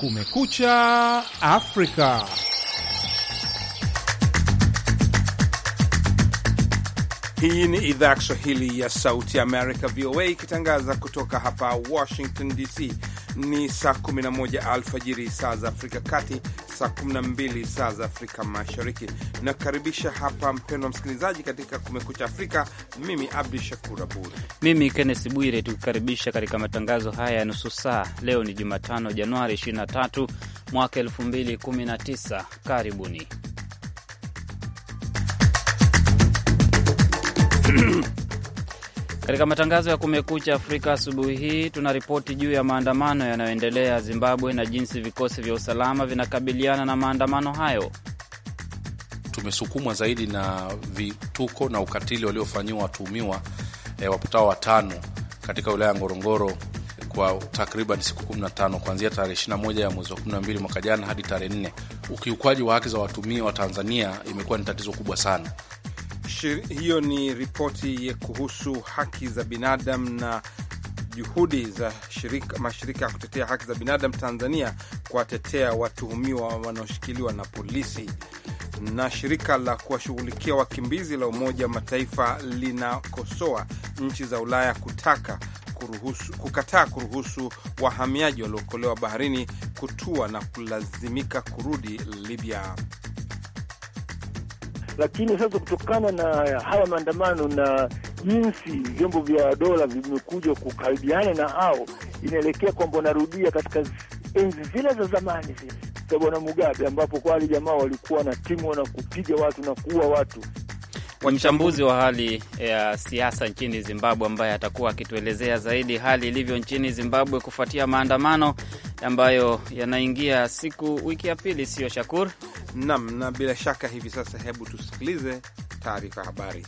Kumekucha Afrika. Hii ni idhaa ya Kiswahili ya Sauti Amerika, VOA, ikitangaza kutoka hapa Washington DC. Ni saa 11 alfajiri saa za Afrika Kati saa 12 saa za Afrika Mashariki. Nakaribisha hapa mpendwa msikilizaji katika Kumekucha Afrika. Mimi Abdu Shakur Abud, mimi Kennes Bwire, tukikaribisha katika matangazo haya ya nusu saa. Leo ni Jumatano, Januari 23 mwaka 2019. Karibuni. Katika matangazo ya Kumekucha Afrika asubuhi hii tuna ripoti juu ya maandamano yanayoendelea Zimbabwe na jinsi vikosi vya usalama vinakabiliana na maandamano hayo. Tumesukumwa zaidi na vituko na ukatili waliofanyiwa watuhumiwa e, wapatao watano katika wilaya ya Ngorongoro kwa takriban siku 15 kuanzia tarehe 21 ya mwezi wa 12 mwaka jana hadi tarehe 4. Ukiukwaji wa haki za watumia wa Tanzania imekuwa ni tatizo kubwa sana. Shir, hiyo ni ripoti kuhusu haki za binadamu na juhudi za shirika, mashirika ya kutetea haki za binadamu Tanzania kuwatetea watuhumiwa wanaoshikiliwa na polisi. Na shirika la kuwashughulikia wakimbizi la Umoja wa Mataifa linakosoa nchi za Ulaya kutaka kuruhusu, kukataa kuruhusu wahamiaji waliokolewa baharini kutua na kulazimika kurudi Libya. Lakini sasa kutokana na haya maandamano na jinsi vyombo vya dola vimekuja kukaribiana na hao, inaelekea kwamba wanarudia katika enzi zile za zamani zile za Bwana Mugabe, ambapo kwa wale jamaa walikuwa na timu na kupiga watu na kuua watu. Mchambuzi wa hali ya siasa nchini Zimbabwe ambaye atakuwa akituelezea zaidi hali ilivyo nchini Zimbabwe kufuatia maandamano ambayo yanaingia siku wiki ya pili, sio Shakur? Nam, na bila shaka hivi sasa, hebu tusikilize taarifa habari.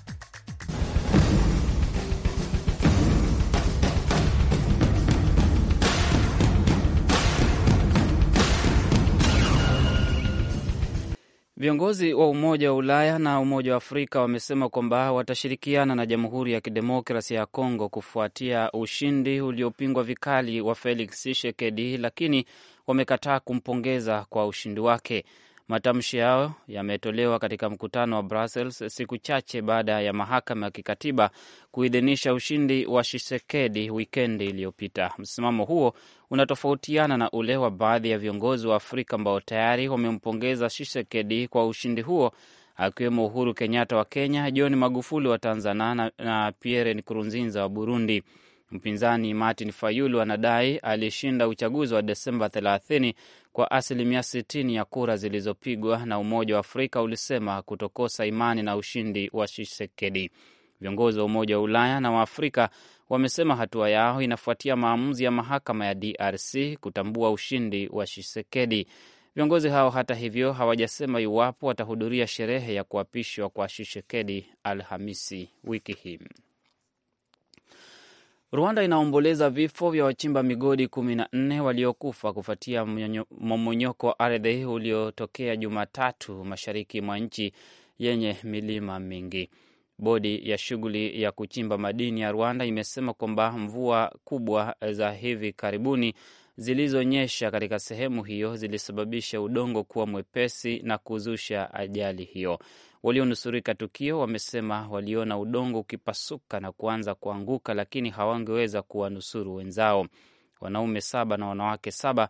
Viongozi wa Umoja wa Ulaya na Umoja wa Afrika wamesema kwamba watashirikiana na Jamhuri ya Kidemokrasia ya Kongo kufuatia ushindi uliopingwa vikali wa Felix Tshisekedi, lakini wamekataa kumpongeza kwa ushindi wake. Matamshi hayo yametolewa katika mkutano wa Brussels siku chache baada ya mahakama ya kikatiba kuidhinisha ushindi wa shisekedi wikendi iliyopita. Msimamo huo unatofautiana na ule wa baadhi ya viongozi wa Afrika ambao tayari wamempongeza shisekedi kwa ushindi huo, akiwemo Uhuru Kenyatta wa Kenya, John Magufuli wa Tanzania na Pierre Nkurunziza wa Burundi. Mpinzani Martin Fayulu anadai alishinda uchaguzi wa Desemba 30 kwa asilimia 60 ya kura zilizopigwa, na Umoja wa Afrika ulisema kutokosa imani na ushindi wa Tshisekedi. Viongozi wa Umoja wa Ulaya na wa Afrika wamesema hatua yao inafuatia maamuzi ya mahakama ya DRC kutambua ushindi wa Tshisekedi. Viongozi hao hata hivyo hawajasema iwapo watahudhuria sherehe ya kuapishwa kwa Tshisekedi Alhamisi wiki hii. Rwanda inaomboleza vifo vya wachimba migodi kumi na nne waliokufa kufuatia mmomonyoko wa ardhi uliotokea Jumatatu mashariki mwa nchi yenye milima mingi. Bodi ya shughuli ya kuchimba madini ya Rwanda imesema kwamba mvua kubwa za hivi karibuni zilizonyesha katika sehemu hiyo zilisababisha udongo kuwa mwepesi na kuzusha ajali hiyo. Walionusurika tukio wamesema waliona udongo ukipasuka na kuanza kuanguka, lakini hawangeweza kuwanusuru wenzao. Wanaume saba na wanawake saba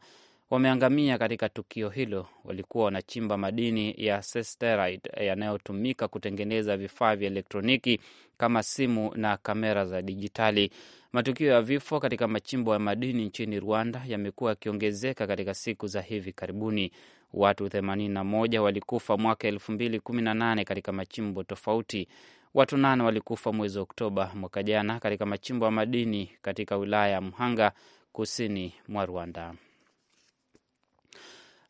wameangamia katika tukio hilo. Walikuwa wanachimba madini ya sesterite yanayotumika kutengeneza vifaa vya elektroniki kama simu na kamera za dijitali. Matukio ya vifo katika machimbo ya madini nchini Rwanda yamekuwa yakiongezeka katika siku za hivi karibuni. Watu 81 walikufa mwaka 2018 katika machimbo tofauti. Watu nane walikufa mwezi Oktoba mwaka jana katika machimbo ya madini katika wilaya ya Mhanga, kusini mwa Rwanda.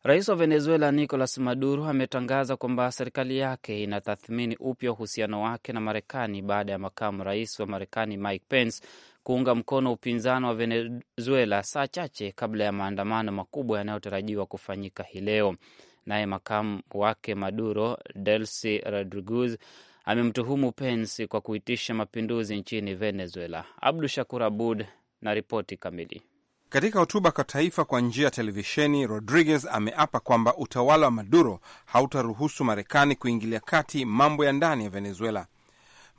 Rais wa Venezuela Nicolas Maduro ametangaza kwamba serikali yake inatathmini upya uhusiano wake na Marekani baada ya makamu rais wa Marekani Mike Pence kuunga mkono upinzani wa Venezuela saa chache kabla ya maandamano makubwa yanayotarajiwa kufanyika hii leo. Naye makamu wake Maduro, Delcy Rodriguez, amemtuhumu Pence kwa kuitisha mapinduzi nchini Venezuela. Abdu Shakur Abud na ripoti kamili. Katika hotuba kwa taifa kwa njia ya televisheni, Rodriguez ameapa kwamba utawala wa Maduro hautaruhusu Marekani kuingilia kati mambo ya ndani ya Venezuela.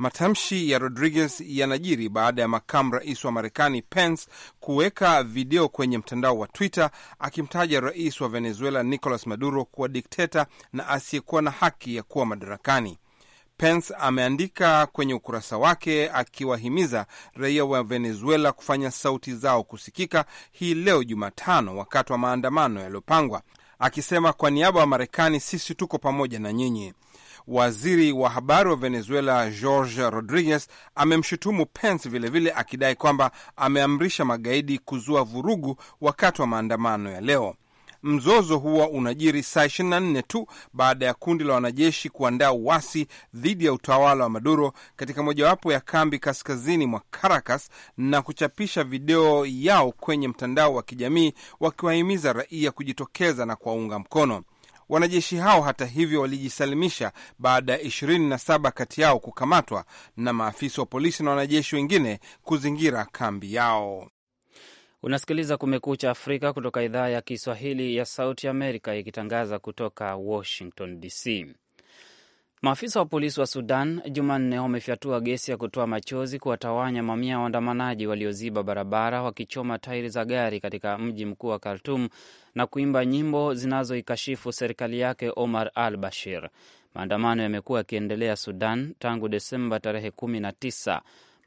Matamshi ya Rodriguez yanajiri baada ya makamu rais wa Marekani Pence kuweka video kwenye mtandao wa Twitter akimtaja rais wa Venezuela Nicolas Maduro kuwa dikteta na asiyekuwa na haki ya kuwa madarakani. Pence ameandika kwenye ukurasa wake akiwahimiza raia wa Venezuela kufanya sauti zao kusikika hii leo Jumatano, wakati wa maandamano yaliyopangwa akisema kwa niaba ya Marekani, sisi tuko pamoja na nyinyi. Waziri wa habari wa Venezuela George Rodriguez amemshutumu Pence vilevile akidai kwamba ameamrisha magaidi kuzua vurugu wakati wa maandamano ya leo. Mzozo huo unajiri saa 24 tu baada ya kundi la wanajeshi kuandaa uasi dhidi ya utawala wa Maduro katika mojawapo ya kambi kaskazini mwa Caracas na kuchapisha video yao kwenye mtandao wa kijamii wakiwahimiza raia kujitokeza na kuwaunga mkono. Wanajeshi hao hata hivyo walijisalimisha baada ya 27 kati yao kukamatwa na maafisa wa polisi na wanajeshi wengine kuzingira kambi yao. Unasikiliza Kumekucha Afrika kutoka idhaa ya Kiswahili ya Sauti Amerika, ikitangaza kutoka Washington DC. Maafisa wa polisi wa Sudan Jumanne wamefyatua gesi ya kutoa machozi kuwatawanya mamia ya waandamanaji walioziba barabara wakichoma tairi za gari katika mji mkuu wa Khartum na kuimba nyimbo zinazoikashifu serikali yake Omar al Bashir. Maandamano yamekuwa yakiendelea Sudan tangu Desemba tarehe 19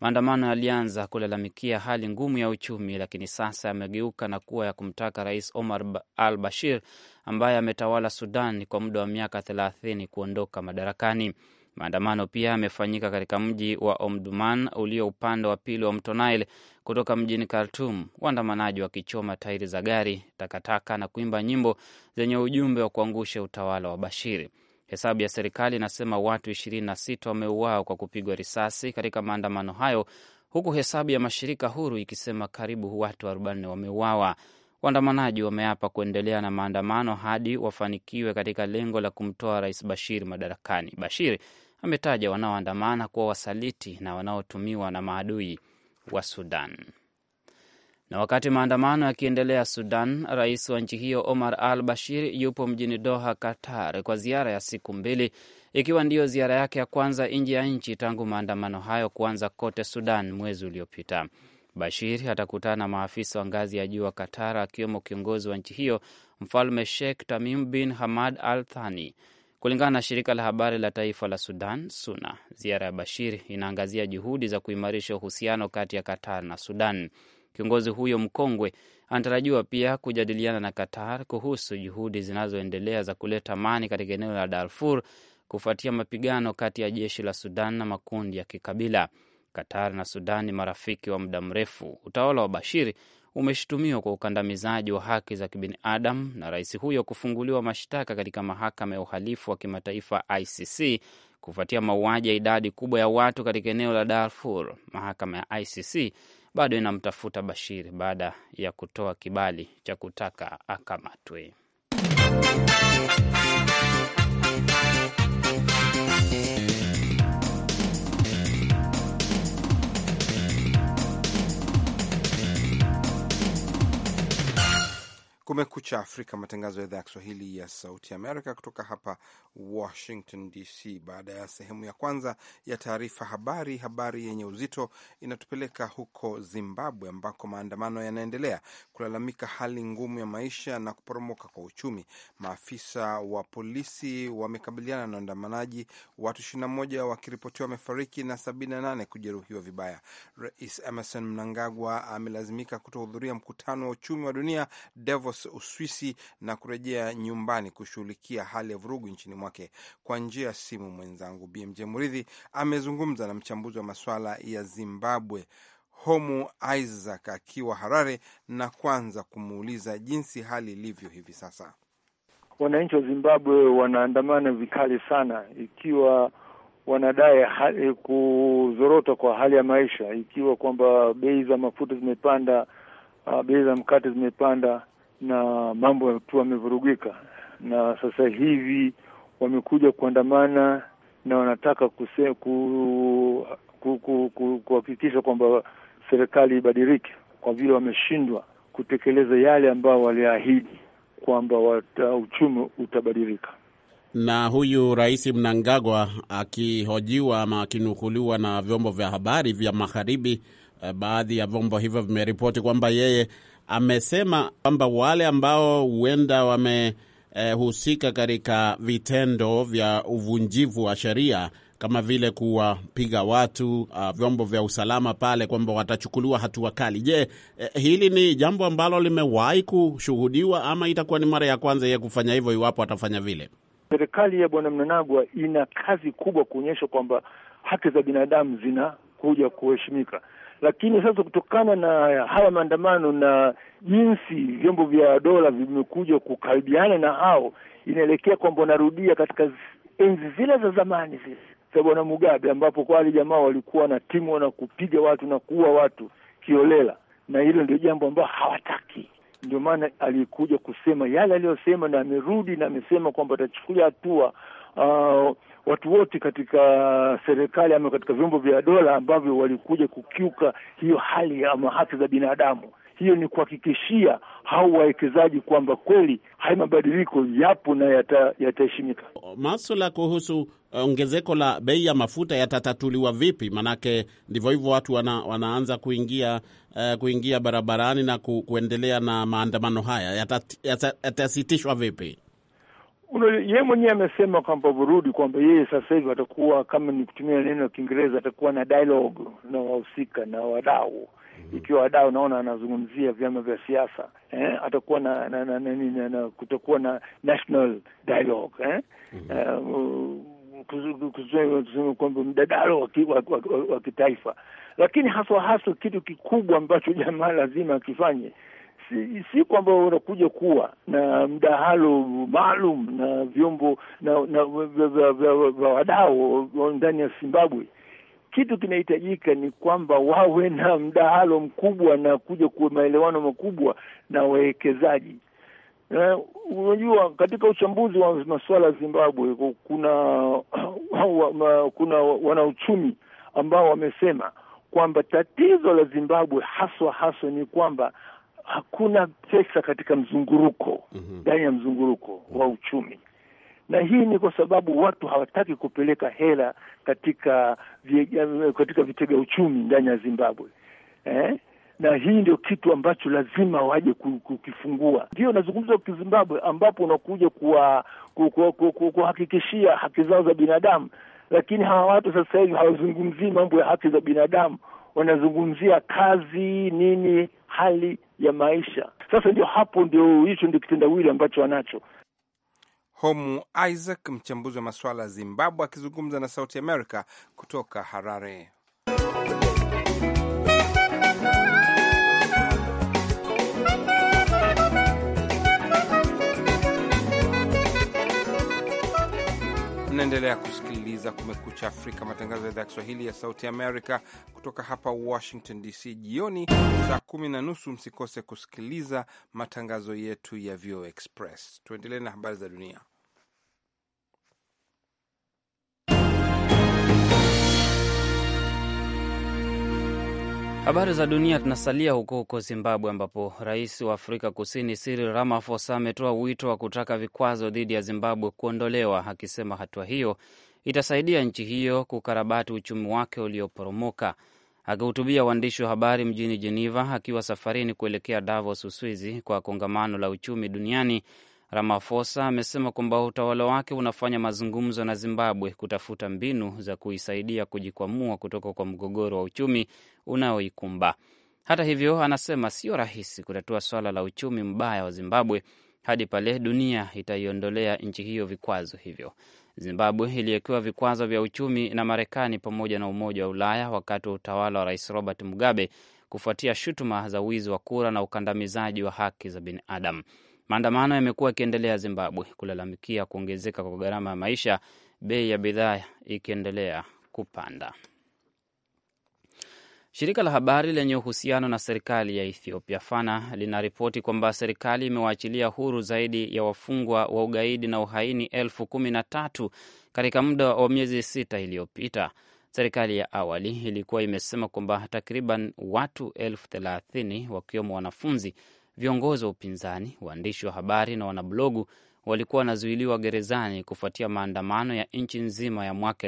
Maandamano yalianza kulalamikia hali ngumu ya uchumi, lakini sasa yamegeuka na kuwa ya kumtaka Rais Omar al Bashir ambaye ametawala Sudan kwa muda wa miaka thelathini kuondoka madarakani. Maandamano pia yamefanyika katika mji wa Omdurman ulio upande wa pili wa mto Nile kutoka mjini Khartum, waandamanaji wakichoma tairi za gari, takataka na kuimba nyimbo zenye ujumbe wa kuangusha utawala wa Bashiri. Hesabu ya serikali inasema watu 26 wameuawa kwa kupigwa risasi katika maandamano hayo, huku hesabu ya mashirika huru ikisema karibu watu 40 wameuawa. Waandamanaji wameapa kuendelea na maandamano hadi wafanikiwe katika lengo la kumtoa rais Bashir madarakani. Bashir ametaja wanaoandamana kuwa wasaliti na wanaotumiwa na maadui wa Sudan. Na wakati maandamano yakiendelea Sudan, rais wa nchi hiyo Omar al Bashir yupo mjini Doha, Qatar, kwa ziara ya siku mbili, ikiwa ndiyo ziara yake ya kwanza nje ya nchi tangu maandamano hayo kuanza kote Sudan mwezi uliopita. Bashir atakutana maafisa wa ngazi ya juu wa Qatar, akiwemo kiongozi wa nchi hiyo Mfalme Sheikh Tamim bin Hamad al Thani. Kulingana na shirika la habari la taifa la Sudan SUNA, ziara ya Bashir inaangazia juhudi za kuimarisha uhusiano kati ya Qatar na Sudan. Kiongozi huyo mkongwe anatarajiwa pia kujadiliana na Qatar kuhusu juhudi zinazoendelea za kuleta amani katika eneo la Darfur kufuatia mapigano kati ya jeshi la Sudan na makundi ya kikabila. Qatar na Sudan ni marafiki wa muda mrefu. Utawala wa Bashir umeshutumiwa kwa ukandamizaji wa haki za kibinadamu na rais huyo kufunguliwa mashtaka katika mahakama ya uhalifu wa kimataifa ICC kufuatia mauaji ya idadi kubwa ya watu katika eneo la Darfur. Mahakama ya ICC bado inamtafuta Bashir baada ya kutoa kibali cha kutaka akamatwe. Kumekucha Afrika, matangazo ya idhaa ya Kiswahili ya Sauti Amerika kutoka hapa Washington DC. Baada ya sehemu ya kwanza ya taarifa habari, habari yenye uzito inatupeleka huko Zimbabwe ambako maandamano yanaendelea kulalamika hali ngumu ya maisha na kuporomoka kwa uchumi. Maafisa wa polisi wamekabiliana na waandamanaji, watu 21 wakiripotiwa wamefariki na 78 kujeruhiwa vibaya. Rais Emerson Mnangagwa amelazimika kutohudhuria mkutano wa uchumi wa dunia Davos Davos, Uswisi, na kurejea nyumbani kushughulikia hali ya vurugu nchini mwake. Kwa njia ya simu, mwenzangu BMJ Muridhi amezungumza na mchambuzi wa masuala ya Zimbabwe Homu Isaac akiwa Harare, na kwanza kumuuliza jinsi hali ilivyo hivi sasa. Wananchi wa Zimbabwe wanaandamana vikali sana, ikiwa wanadai eh, kuzorota kwa hali ya maisha, ikiwa kwamba bei za mafuta zimepanda, ah, bei za mkate zimepanda, na mambo tu yamevurugika, na sasa hivi wamekuja kuandamana na wanataka kuhakikisha ku, ku, ku, ku, kwamba serikali ibadilike kwa vile wameshindwa kutekeleza yale ambayo waliahidi kwamba uchumi utabadilika. Na huyu Rais Mnangagwa akihojiwa ama akinukuliwa na vyombo vya habari vya magharibi, eh, baadhi ya vyombo hivyo vimeripoti kwamba yeye amesema kwamba wale ambao huenda wamehusika eh, katika vitendo vya uvunjivu wa sheria kama vile kuwapiga watu uh, vyombo vya usalama pale, kwamba watachukuliwa hatua kali. Je, eh, hili ni jambo ambalo limewahi kushuhudiwa ama itakuwa ni mara ya kwanza ye kufanya hivyo, iwapo atafanya vile? Serikali ya Bwana mnanagwa ina kazi kubwa kuonyesha kwamba haki za binadamu zinakuja kuheshimika. Lakini sasa kutokana na haya maandamano na jinsi vyombo vya dola vimekuja kukaribiana na hao, inaelekea kwamba wanarudia katika enzi zile za zamani zile za Bwana Mugabe, ambapo kwa wale jamaa walikuwa na timu na kupiga watu na kuua watu kiolela, na hilo ndio jambo ambayo hawataki. Ndio maana alikuja kusema yale aliyosema, na amerudi na amesema kwamba atachukulia hatua uh, watu wote katika serikali ama katika vyombo vya dola ambavyo walikuja kukiuka hiyo hali ama haki za binadamu. Hiyo ni kuhakikishia hao wawekezaji kwamba kweli haya mabadiliko yapo na yataheshimika. Yata maswala kuhusu eh, ongezeko la bei ya mafuta yatatatuliwa vipi? Manake ndivyo hivyo watu wana, wanaanza kuingia uh, kuingia barabarani na ku, kuendelea na maandamano haya yatasitishwa yata, yata vipi? yeye mwenyewe amesema kwamba Burundi kwamba yeye sasa hivi atakuwa kama ni kutumia neno la Kiingereza atakuwa na dialogue na wahusika na wadau mm-hmm. ikiwa wadau naona anazungumzia vyama vya siasa eh, atakuwa na na, na, na, na, na kutakuwa na national dialogue eh? mm-hmm. uh, kwamba mdadalo wa kitaifa, lakini haswa haswa kitu kikubwa ambacho jamaa lazima akifanye si, si kwamba unakuja kuwa na mdahalo maalum na vyombo na, wadao vya wadau ndani ya Zimbabwe. Kitu kinahitajika ni kwamba wawe na mdahalo mkubwa na kuja kuwa maelewano makubwa na wawekezaji. Eh, unajua, katika uchambuzi wa masuala ya Zimbabwe kuna kuna wanauchumi ambao wamesema kwamba tatizo la Zimbabwe haswa haswa ni kwamba hakuna pesa katika mzunguruko mhm. ndani mm -hmm. ya mzunguruko mm -hmm. wa uchumi, na hii ni kwa sababu watu hawataki kupeleka hela katika katika vitega uchumi ndani ya Zimbabwe eh? na hii ndio kitu ambacho lazima waje kukifungua. Ndio nazungumza Zimbabwe ambapo unakuja kuhakikishia haki zao za binadamu, lakini hawa watu sasa hivi hawazungumzii mambo ya haki za binadamu, wanazungumzia kazi nini, hali ya maisha. Sasa ndio hapo, ndio hicho ndio kitendawili ambacho wanacho. Homu Isaac, mchambuzi wa masuala ya Zimbabwe, akizungumza na Sauti america kutoka Harare. Unaendelea kusikiliza Kumekucha Afrika, matangazo ya idhaa ya Kiswahili ya Sauti Amerika kutoka hapa Washington DC. Jioni saa kumi na nusu msikose kusikiliza matangazo yetu ya VOA Express. Tuendelee na habari za dunia. Habari za dunia. Tunasalia huko huko Zimbabwe, ambapo rais wa Afrika Kusini Cyril Ramaphosa ametoa wito wa kutaka vikwazo dhidi ya Zimbabwe kuondolewa, akisema hatua hiyo itasaidia nchi hiyo kukarabati uchumi wake ulioporomoka. Akihutubia waandishi wa habari mjini Geneva akiwa safarini kuelekea Davos, Uswizi, kwa kongamano la uchumi duniani, Ramaphosa amesema kwamba utawala wake unafanya mazungumzo na Zimbabwe kutafuta mbinu za kuisaidia kujikwamua kutoka kwa mgogoro wa uchumi unaoikumba. Hata hivyo, anasema sio rahisi kutatua swala la uchumi mbaya wa Zimbabwe hadi pale dunia itaiondolea nchi hiyo vikwazo hivyo. Zimbabwe iliwekewa vikwazo vya uchumi na Marekani pamoja na Umoja wa Ulaya wakati wa utawala wa Rais Robert Mugabe kufuatia shutuma za wizi wa kura na ukandamizaji wa haki za binadamu. Maandamano yamekuwa yakiendelea Zimbabwe kulalamikia kuongezeka kwa gharama ya maisha, bei ya bidhaa ikiendelea kupanda. Shirika la habari lenye uhusiano na serikali ya Ethiopia, Fana, linaripoti kwamba serikali imewaachilia huru zaidi ya wafungwa wa ugaidi na uhaini elfu kumi na tatu katika muda wa miezi sita iliyopita. Serikali ya awali ilikuwa imesema kwamba takriban watu elfu thelathini wakiwemo wanafunzi Viongozi wa upinzani, waandishi wa habari na wanablogu walikuwa wanazuiliwa gerezani kufuatia maandamano ya nchi nzima ya mwaka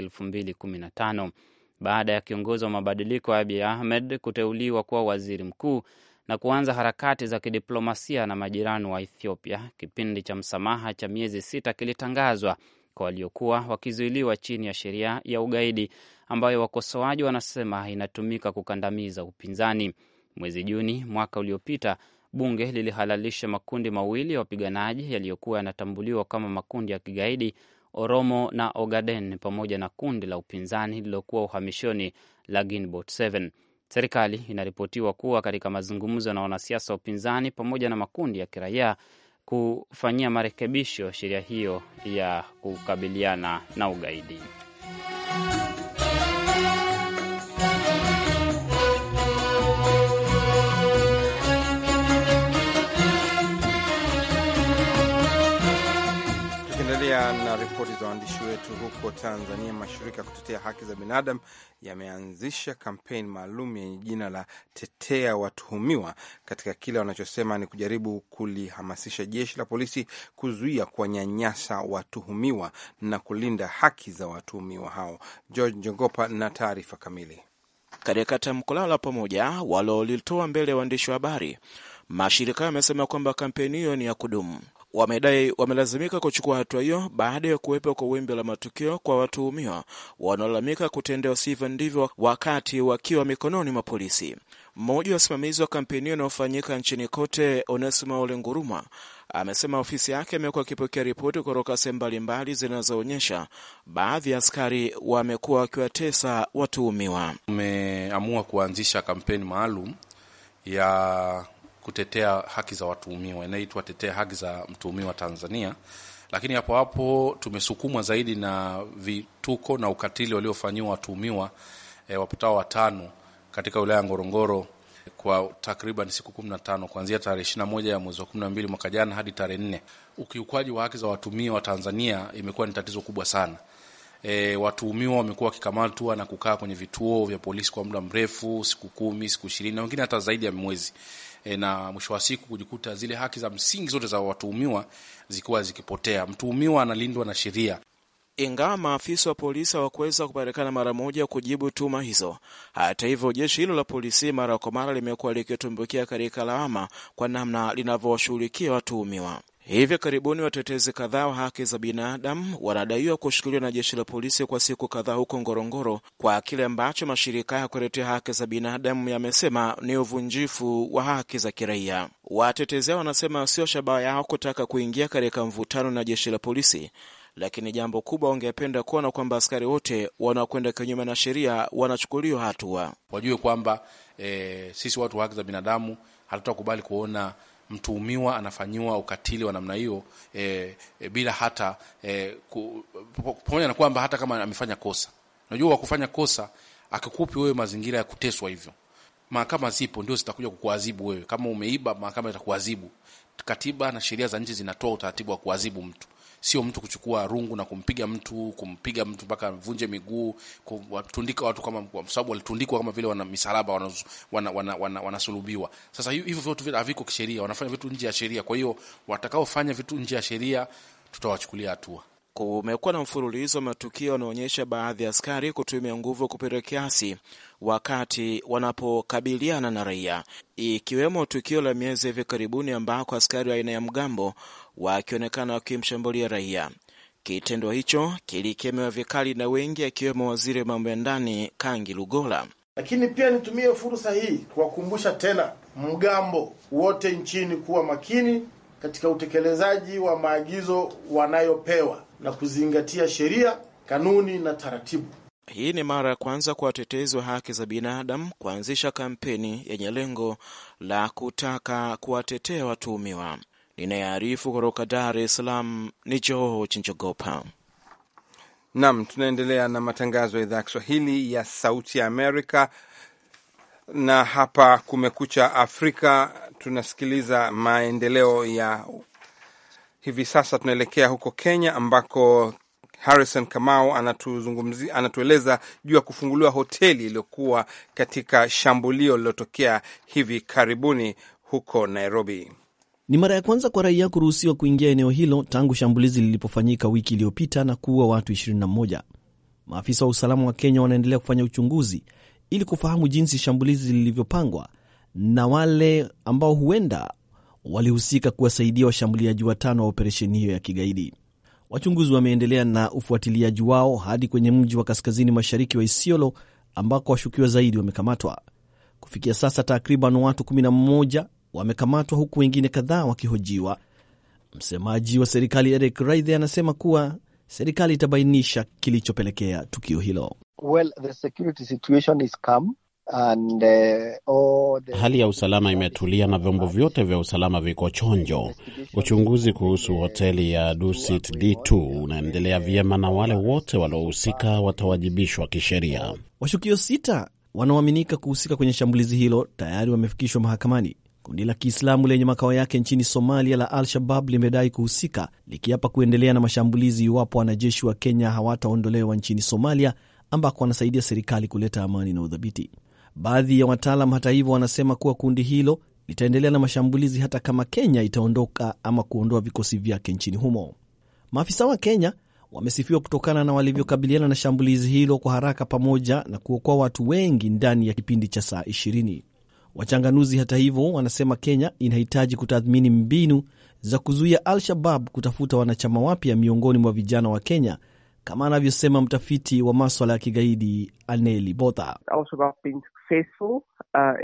tano baada ya kiongozi wa mabadiliko Abiy Ahmed kuteuliwa kuwa waziri mkuu na kuanza harakati za kidiplomasia na majirani wa Ethiopia. Kipindi cha msamaha cha miezi sita kilitangazwa kwa waliokuwa wakizuiliwa chini ya sheria ya ugaidi ambayo wakosoaji wanasema inatumika kukandamiza upinzani. Mwezi Juni mwaka uliopita bunge lilihalalisha makundi mawili ya wapiganaji yaliyokuwa yanatambuliwa kama makundi ya kigaidi, Oromo na Ogaden, pamoja na kundi la upinzani lililokuwa uhamishoni la Ginbot 7. Serikali inaripotiwa kuwa katika mazungumzo na wanasiasa wa upinzani pamoja na makundi ya kiraia kufanyia marekebisho sheria hiyo ya kukabiliana na ugaidi. za waandishi wetu huko Tanzania, mashirika ya kutetea haki za binadamu yameanzisha kampeni maalum yenye jina la tetea watuhumiwa katika kile wanachosema ni kujaribu kulihamasisha jeshi la polisi kuzuia kuwanyanyasa watuhumiwa na kulinda haki za watuhumiwa hao. George Njogopa na taarifa kamili. Katika tamko lao la pamoja walolitoa mbele ya waandishi wa habari, mashirika yamesema kwamba kampeni hiyo ni ya kudumu wamedai wamelazimika kuchukua hatua hiyo baada ya kuwepo kwa wimbi la matukio kwa watuhumiwa wanaolalamika kutendewa sivyo ndivyo wakati wakiwa mikononi mwa polisi. Mmoja wa wasimamizi wa kampeni inayofanyika nchini kote, Onesimo Ole Nguruma, amesema ofisi yake imekuwa ikipokea ripoti kutoka sehemu mbalimbali zinazoonyesha baadhi ya askari wamekuwa wakiwatesa watuhumiwa. Tumeamua kuanzisha kampeni maalum ya kutetea haki za watuhumiwa, inaitwa tetea haki za mtuhumiwa Tanzania. Lakini hapo hapo tumesukumwa zaidi na vituko na ukatili waliofanyiwa watuhumiwa e, wapatao watano katika wilaya ya Ngorongoro kwa takriban siku kumi na tano kuanzia tarehe ishirini na moja ya mwezi wa kumi na mbili mwaka jana hadi tarehe nne. Ukiukwaji wa haki za watuhumiwa wa Tanzania imekuwa ni tatizo kubwa sana. E, watuhumiwa wamekuwa wakikamatwa na kukaa kwenye vituo vya polisi kwa muda mrefu, siku kumi, siku ishirini na wengine hata zaidi ya mwezi e, na mwisho wa siku kujikuta zile haki za msingi zote za watuhumiwa zikiwa zikipotea. Mtuhumiwa analindwa na sheria. Ingawa maafisa wa polisi hawakuweza kupatikana mara moja kujibu tuhuma hizo. Hata hivyo, jeshi hilo la polisi mara kwa mara limekuwa likitumbukia katika lawama kwa namna linavyowashughulikia watuhumiwa. Hivi karibuni watetezi kadhaa wa haki za binadamu wanadaiwa kushikiliwa na jeshi la polisi kwa siku kadhaa huko Ngorongoro kwa kile ambacho mashirika ya kutetea haki za binadamu yamesema ni uvunjifu wa haki za kiraia. Watetezi hao wanasema sio shabaha yao kutaka kuingia katika mvutano na jeshi la polisi, lakini jambo kubwa wangependa kuona kwamba askari wote wanaokwenda kinyume na sheria wanachukuliwa hatua. Wajue kwamba e, sisi watu wa haki za binadamu hatutakubali kuona mtuhumiwa anafanyiwa ukatili wa namna hiyo e, e, bila hata e, pamoja na kwamba hata kama amefanya kosa, unajua wa kufanya kosa akikupi wewe mazingira ya kuteswa hivyo. Mahakama zipo ndio zitakuja kukuadhibu wewe. Kama umeiba, mahakama itakuadhibu. Katiba na sheria za nchi zinatoa utaratibu wa kuadhibu mtu sio mtu kuchukua rungu na kumpiga mtu kumpiga mtu mpaka vunje miguu, kutundika watu kama, kwa sababu walitundikwa kama vile wana misalaba wanasulubiwa, wana, wana, wana, wana. Sasa hivyo vyote vile haviko kisheria, wanafanya vitu nje ya sheria. Kwa hiyo watakaofanya vitu nje ya sheria tutawachukulia hatua. Kumekuwa na mfululizo wa matukio yanaonyesha baadhi ya askari kutumia nguvu kupita kiasi wakati wanapokabiliana na raia, ikiwemo tukio la miezi hivi karibuni ambako askari wa aina ya mgambo wakionekana wakimshambulia raia. Kitendo hicho kilikemewa vikali na wengi, akiwemo waziri wa mambo ya ndani Kangi Lugola. Lakini pia nitumie fursa hii kuwakumbusha tena mgambo wote nchini kuwa makini katika utekelezaji wa maagizo wanayopewa na kuzingatia sheria, kanuni na taratibu. Hii ni mara ya kwanza kwa watetezi wa haki za binadamu kuanzisha kampeni yenye lengo la kutaka kuwatetea watuhumiwa. Ninayearifu kutoka Dar es Salaam ni Joho Chinjogopa. Nam, tunaendelea na matangazo ya idhaa ya Kiswahili ya Sauti ya Amerika na hapa Kumekucha Afrika tunasikiliza maendeleo ya Hivi sasa tunaelekea huko Kenya ambako Harrison Kamau anatueleza juu ya kufunguliwa hoteli iliyokuwa katika shambulio lililotokea hivi karibuni huko Nairobi. Ni mara ya kwanza kwa raia kuruhusiwa kuingia eneo hilo tangu shambulizi lilipofanyika wiki iliyopita na kuua watu 21. Maafisa wa usalama wa Kenya wanaendelea kufanya uchunguzi ili kufahamu jinsi shambulizi lilivyopangwa na wale ambao huenda walihusika kuwasaidia washambuliaji watano wa operesheni hiyo ya kigaidi. Wachunguzi wameendelea na ufuatiliaji wao hadi kwenye mji wa kaskazini mashariki wa Isiolo ambako washukiwa zaidi wamekamatwa. Kufikia sasa takriban watu 11 wamekamatwa huku wengine kadhaa wakihojiwa. Msemaji wa serikali Eric Raithe anasema kuwa serikali itabainisha kilichopelekea tukio hilo. Well, the security situation is calm. And, uh, the... hali ya usalama imetulia na vyombo vyote vya usalama viko chonjo. Uchunguzi kuhusu hoteli ya Dusit D2 unaendelea vyema na wale wote waliohusika watawajibishwa kisheria. washukio sita wanaoaminika kuhusika kwenye shambulizi hilo tayari wamefikishwa mahakamani. Kundi la Kiislamu lenye makao yake nchini Somalia la Al-Shabab limedai kuhusika, likiapa kuendelea na mashambulizi iwapo wanajeshi wa Kenya hawataondolewa nchini Somalia ambako wanasaidia serikali kuleta amani na udhabiti. Baadhi ya wataalam hata hivyo, wanasema kuwa kundi hilo litaendelea na mashambulizi hata kama Kenya itaondoka ama kuondoa vikosi vyake nchini humo. Maafisa wa Kenya wamesifiwa kutokana na walivyokabiliana na shambulizi hilo kwa haraka pamoja na kuokoa watu wengi ndani ya kipindi cha saa 20. Wachanganuzi hata hivyo, wanasema Kenya inahitaji kutathmini mbinu za kuzuia Al-Shabab kutafuta wanachama wapya miongoni mwa vijana wa Kenya kama anavyosema mtafiti wa maswala ya kigaidi Aneli Botha. Uh,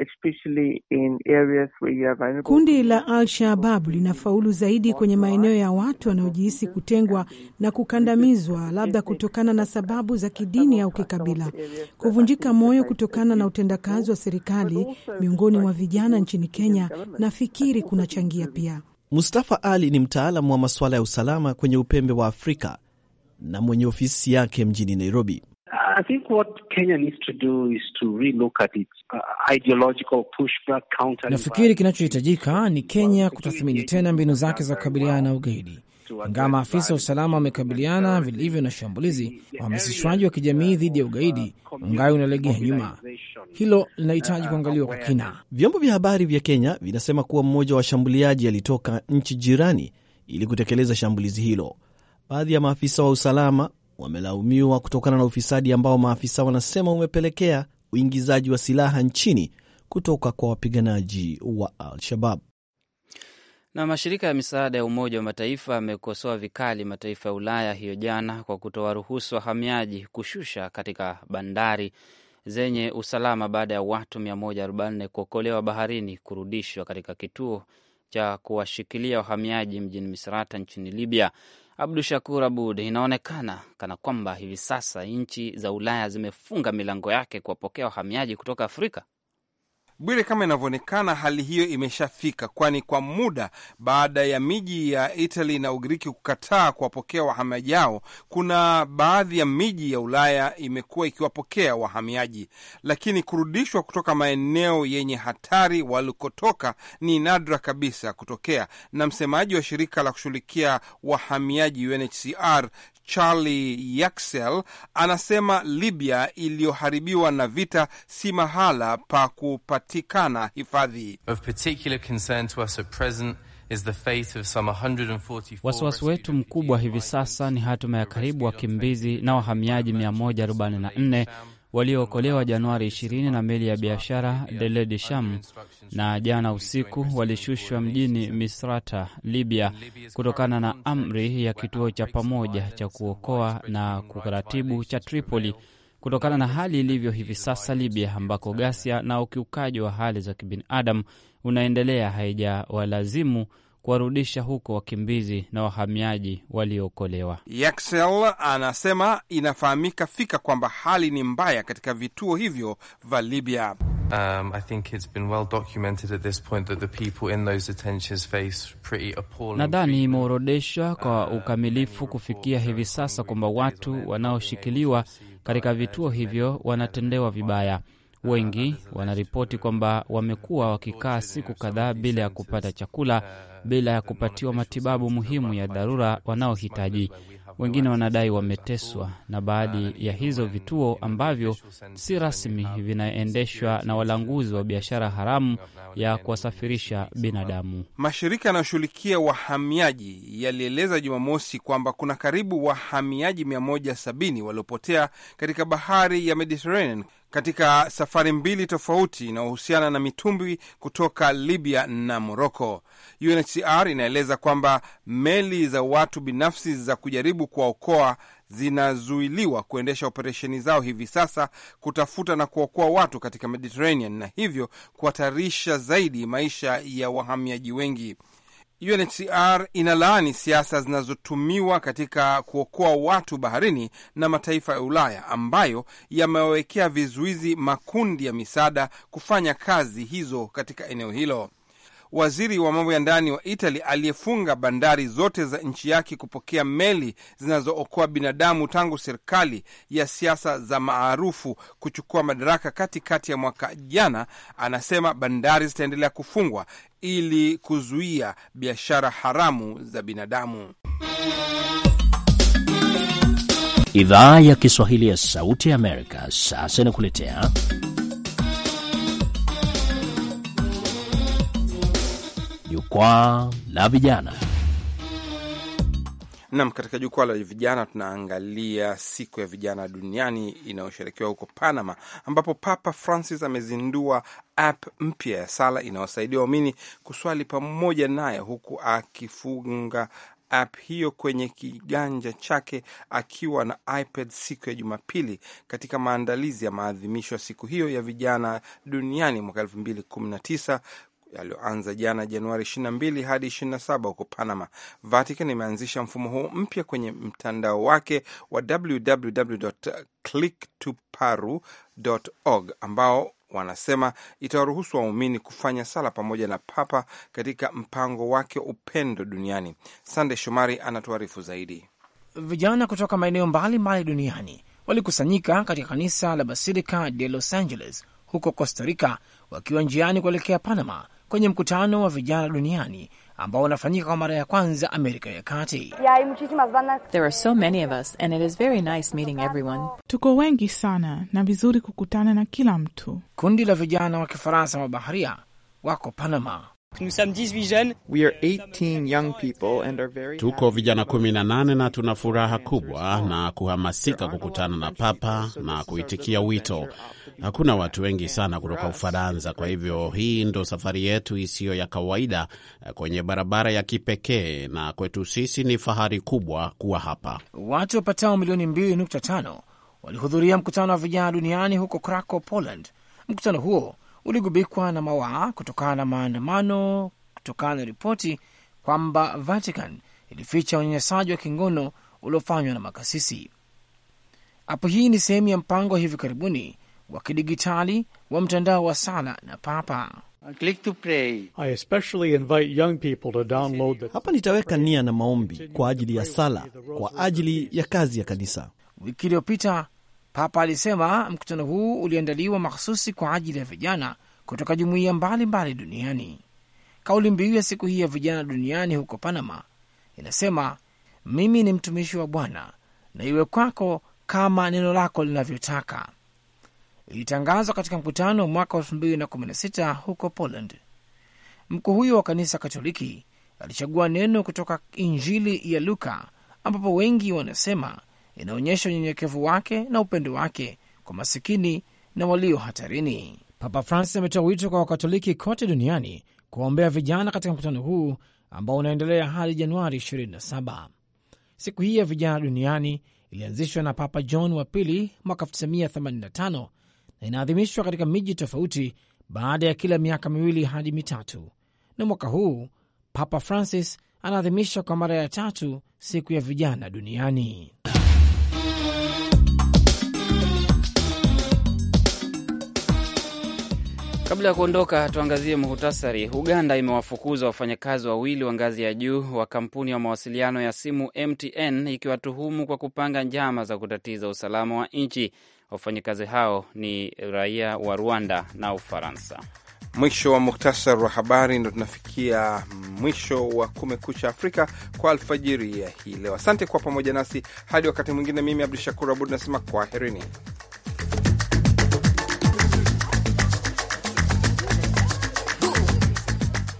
Kundi la Al-Shabaab linafaulu zaidi kwenye maeneo ya watu wanaojihisi kutengwa na kukandamizwa, labda kutokana na sababu za kidini au kikabila, kuvunjika moyo kutokana na utendakazi wa serikali miongoni mwa vijana nchini Kenya. Nafikiri kunachangia pia. Mustafa Ali ni mtaalamu wa masuala ya usalama kwenye upembe wa Afrika na mwenye ofisi yake mjini Nairobi. I think what Kenya needs to do is to relook at its uh, ideological pushback counter. Nafikiri kinachohitajika ni Kenya kutathmini tena mbinu zake za kukabiliana na ugaidi. Ingawa maafisa wa usalama wamekabiliana vilivyo na shambulizi, uhamasishwaji wa kijamii dhidi ya ugaidi ungali unalegea nyuma. Hilo uh, linahitaji uh, kuangaliwa kwa kina. Vyombo vya habari vya Kenya vinasema kuwa mmoja wa washambuliaji alitoka nchi jirani ili kutekeleza shambulizi hilo. Baadhi ya maafisa wa usalama wamelaumiwa kutokana na ufisadi ambao maafisa wanasema umepelekea uingizaji wa silaha nchini kutoka kwa wapiganaji wa Al-Shabab. Na mashirika ya misaada ya Umoja wa Mataifa yamekosoa vikali mataifa ya Ulaya hiyo jana kwa kutowaruhusu wahamiaji kushusha katika bandari zenye usalama baada ya watu 144 kuokolewa baharini kurudishwa katika kituo cha kuwashikilia wahamiaji mjini Misrata nchini Libya. Abdu Shakur Abud, inaonekana kana kwamba hivi sasa nchi za Ulaya zimefunga milango yake kuwapokea wahamiaji kutoka Afrika. Bwire, kama inavyoonekana hali hiyo imeshafika, kwani kwa muda baada ya miji ya Italy na Ugiriki kukataa kuwapokea wahamiaji hao, kuna baadhi ya miji ya Ulaya imekuwa ikiwapokea wahamiaji, lakini kurudishwa kutoka maeneo yenye hatari walikotoka ni nadra kabisa kutokea. Na msemaji wa shirika la kushughulikia wahamiaji UNHCR Charlie Yaxel anasema Libya iliyoharibiwa na vita si mahala pa kupatikana hifadhi. Wasiwasi wetu mkubwa hivi sasa ni hatima ya karibu wakimbizi na wahamiaji 144 waliookolewa Januari 20 na meli ya biashara Dele de Sham, na jana usiku walishushwa mjini Misrata, Libya, kutokana na amri ya kituo cha pamoja cha kuokoa na kuratibu cha Tripoli kutokana na hali ilivyo hivi sasa Libya, ambako ghasia na ukiukaji wa hali za kibinadamu unaendelea haijawalazimu kuwarudisha huko wakimbizi na wahamiaji waliookolewa. Yaxel anasema inafahamika fika kwamba hali ni mbaya katika vituo hivyo vya Libya. Um, well nadhani imeorodeshwa uh, kwa ukamilifu kufikia hivi sasa kwamba watu wanaoshikiliwa katika vituo hivyo wanatendewa vibaya. Wengi uh, wanaripoti kwamba uh, wamekuwa wakikaa siku kadhaa bila ya kupata chakula bila ya kupatiwa matibabu muhimu ya dharura wanaohitaji. Wengine wanadai wameteswa, na baadhi ya hizo vituo ambavyo si rasmi vinaendeshwa na walanguzi wa biashara haramu ya kuwasafirisha binadamu. Mashirika yanayoshughulikia wahamiaji yalieleza Jumamosi kwamba kuna karibu wahamiaji 170 waliopotea katika bahari ya Mediterranean katika safari mbili tofauti inayohusiana na mitumbwi kutoka Libya na Moroko. UNHCR inaeleza kwamba meli za watu binafsi za kujaribu kuwaokoa zinazuiliwa kuendesha operesheni zao hivi sasa kutafuta na kuokoa watu katika Mediterranean na hivyo kuhatarisha zaidi maisha ya wahamiaji wengi. UNHCR inalaani siasa zinazotumiwa katika kuokoa watu baharini na mataifa ya Ulaya ambayo yamewawekea vizuizi makundi ya misaada kufanya kazi hizo katika eneo hilo waziri wa mambo ya ndani wa Itali aliyefunga bandari zote za nchi yake kupokea meli zinazookoa binadamu tangu serikali ya siasa za maarufu kuchukua madaraka katikati ya mwaka jana, anasema bandari zitaendelea kufungwa ili kuzuia biashara haramu za binadamu. Idhaa ya Kiswahili ya Sauti ya Amerika sasa inakuletea jukwaa la vijana. Nam, katika jukwaa la vijana tunaangalia siku ya vijana duniani inayosherekewa huko Panama, ambapo Papa Francis amezindua app mpya ya sala inayosaidia waumini kuswali pamoja naye, huku akifunga app hiyo kwenye kiganja chake akiwa na iPad siku ya Jumapili, katika maandalizi ya maadhimisho ya siku hiyo ya vijana duniani mwaka 219 yaliyoanza jana Januari 22 hadi 27 huko Panama. Vatican imeanzisha mfumo huu mpya kwenye mtandao wake wa www org ambao wanasema itawaruhusu waumini kufanya sala pamoja na Papa katika mpango wake upendo duniani. Sande Shomari anatuarifu zaidi. Vijana kutoka maeneo mbalimbali duniani walikusanyika katika kanisa la Basilica de Los Angeles huko Costa Rica wakiwa njiani kuelekea Panama kwenye mkutano wa vijana duniani ambao unafanyika kwa mara ya kwanza Amerika ya Kati. There are so many of us and it is very nice meeting everyone. Tuko wengi sana na vizuri kukutana na kila mtu. Kundi la vijana wa Kifaransa wa baharia wako Panama Tuko vijana kumi na nane na tuna furaha kubwa na kuhamasika kukutana na Papa na kuitikia wito. Hakuna watu wengi sana kutoka Ufaransa, kwa hivyo hii ndo safari yetu isiyo ya kawaida kwenye barabara ya kipekee, na kwetu sisi ni fahari kubwa kuwa hapa. Watu wapatao milioni 2.5 walihudhuria mkutano wa vijana duniani huko Krakow, Poland. Mkutano huo uligubikwa na mawaa kutokana na maandamano, kutokana na ripoti kwamba Vatican ilificha unyanyasaji wa kingono uliofanywa na makasisi. Apu hii ni sehemu ya mpango wa hivi karibuni wa kidigitali wa mtandao wa sala na Papa. Uh, hapa nitaweka nia na maombi kwa ajili ya sala, kwa ajili ya kazi ya kanisa. Wiki iliyopita Papa alisema mkutano huu uliandaliwa makhususi kwa ajili ya vijana kutoka jumuiya mbalimbali duniani. Kauli mbiu ya siku hii ya vijana duniani huko Panama inasema mimi ni mtumishi wa Bwana na iwe kwako kama neno lako linavyotaka. Ilitangazwa katika mkutano wa mwaka elfu huko Poland. Mkuu huyo wa kanisa Katoliki alichagua neno kutoka Injili ya Luka, ambapo wengi wanasema inaonyesha unyenyekevu wake na upendo wake kwa masikini na walio hatarini. Papa Francis ametoa wito kwa Wakatoliki kote duniani kuwaombea vijana katika mkutano huu ambao unaendelea hadi Januari 27. Siku hii ya vijana duniani ilianzishwa na Papa John wa Pili mwaka 1985 na inaadhimishwa katika miji tofauti baada ya kila miaka miwili hadi mitatu, na mwaka huu Papa Francis anaadhimisha kwa mara ya tatu siku ya vijana duniani. Kabla ya kuondoka, tuangazie muhutasari. Uganda imewafukuza wafanyakazi wawili wa ngazi ya juu wa kampuni ya mawasiliano ya simu MTN ikiwatuhumu kwa kupanga njama za kutatiza usalama wa nchi. Wafanyakazi hao ni raia wa Rwanda na Ufaransa. Mwisho wa muhtasari wa habari, ndo tunafikia mwisho wa Kumekucha Afrika kwa alfajiri ya hii leo. Asante kwa pamoja nasi hadi wakati mwingine. Mimi Abdu Shakur Abud nasema kwaherini.